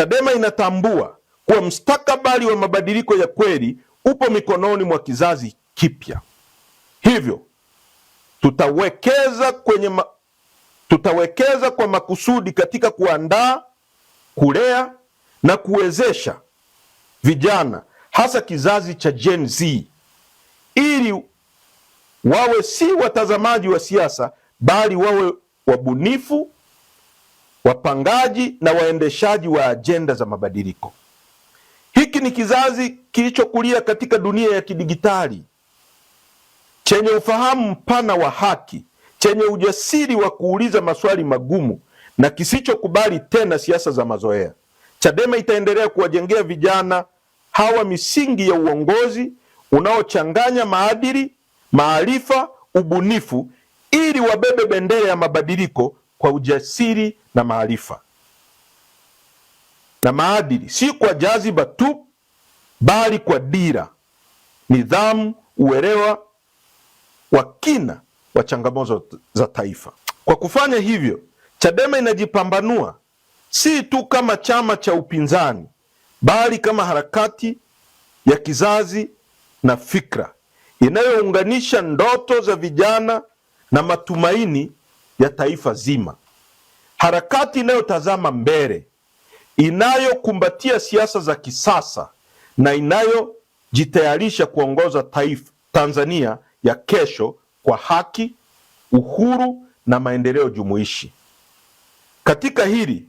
Chadema inatambua kuwa mstakabali wa mabadiliko ya kweli upo mikononi mwa kizazi kipya, hivyo tutawekeza kwenye ma... tutawekeza kwa makusudi katika kuandaa, kulea na kuwezesha vijana hasa kizazi cha Gen Z ili wawe si watazamaji wa siasa bali wawe wabunifu wapangaji na waendeshaji wa ajenda za mabadiliko. Hiki ni kizazi kilichokulia katika dunia ya kidigitali chenye ufahamu mpana wa haki, chenye ujasiri wa kuuliza maswali magumu na kisichokubali tena siasa za mazoea. Chadema itaendelea kuwajengea vijana hawa misingi ya uongozi unaochanganya maadili, maarifa, ubunifu ili wabebe bendera ya mabadiliko kwa ujasiri na maarifa na maadili, si kwa jaziba tu, bali kwa dira, nidhamu, uelewa wa kina wa changamoto za taifa. Kwa kufanya hivyo, Chadema inajipambanua si tu kama chama cha upinzani, bali kama harakati ya kizazi na fikra inayounganisha ndoto za vijana na matumaini ya taifa zima, harakati inayotazama mbele, inayokumbatia siasa za kisasa na inayojitayarisha kuongoza taifa Tanzania ya kesho kwa haki, uhuru na maendeleo jumuishi. Katika hili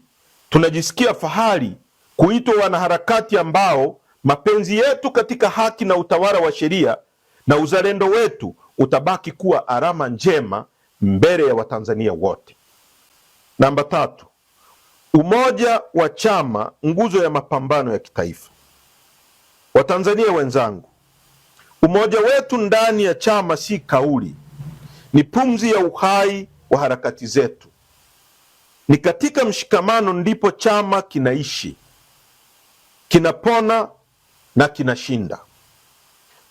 tunajisikia fahari kuitwa wanaharakati ambao mapenzi yetu katika haki na utawala wa sheria na uzalendo wetu utabaki kuwa alama njema mbele ya Watanzania wote. Namba tatu, umoja wa chama, nguzo ya mapambano ya kitaifa. Watanzania wenzangu, umoja wetu ndani ya chama si kauli, ni pumzi ya uhai wa harakati zetu. Ni katika mshikamano ndipo chama kinaishi, kinapona na kinashinda.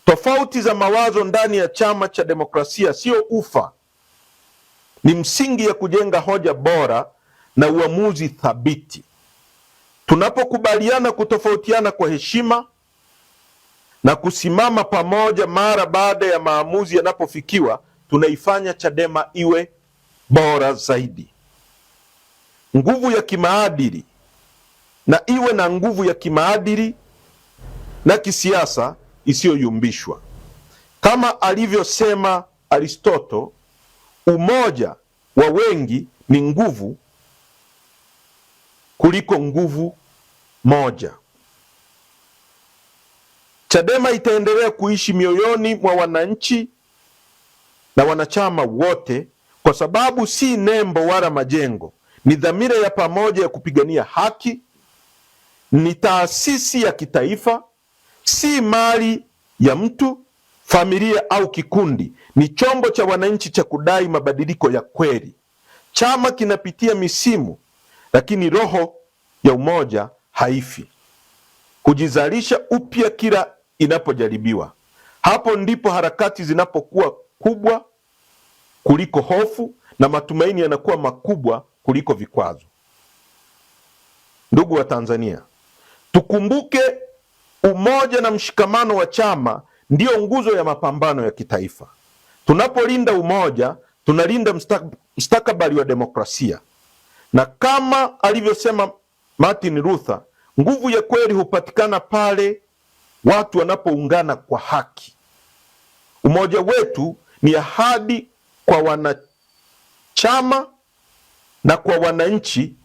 Tofauti za mawazo ndani ya chama cha demokrasia sio ufa, ni msingi ya kujenga hoja bora na uamuzi thabiti. Tunapokubaliana kutofautiana kwa heshima na kusimama pamoja mara baada ya maamuzi yanapofikiwa, tunaifanya Chadema iwe bora zaidi, nguvu ya kimaadili na iwe na nguvu ya kimaadili na kisiasa isiyoyumbishwa, kama alivyosema Aristoto umoja wa wengi ni nguvu kuliko nguvu moja. Chadema itaendelea kuishi mioyoni mwa wananchi na wanachama wote, kwa sababu si nembo wala majengo, ni dhamira ya pamoja ya kupigania haki. Ni taasisi ya kitaifa, si mali ya mtu familia au kikundi ni chombo cha wananchi cha kudai mabadiliko ya kweli. Chama kinapitia misimu, lakini roho ya umoja haifi, hujizalisha upya kila inapojaribiwa. Hapo ndipo harakati zinapokuwa kubwa kuliko hofu na matumaini yanakuwa makubwa kuliko vikwazo. Ndugu wa Tanzania, tukumbuke umoja na mshikamano wa chama ndiyo nguzo ya mapambano ya kitaifa. Tunapolinda umoja, tunalinda mstakabali wa demokrasia, na kama alivyosema Martin Luther, nguvu ya kweli hupatikana pale watu wanapoungana kwa haki. Umoja wetu ni ahadi kwa wanachama na kwa wananchi.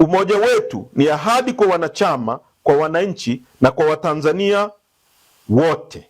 Umoja wetu ni ahadi kwa wanachama, kwa wananchi na kwa Watanzania wote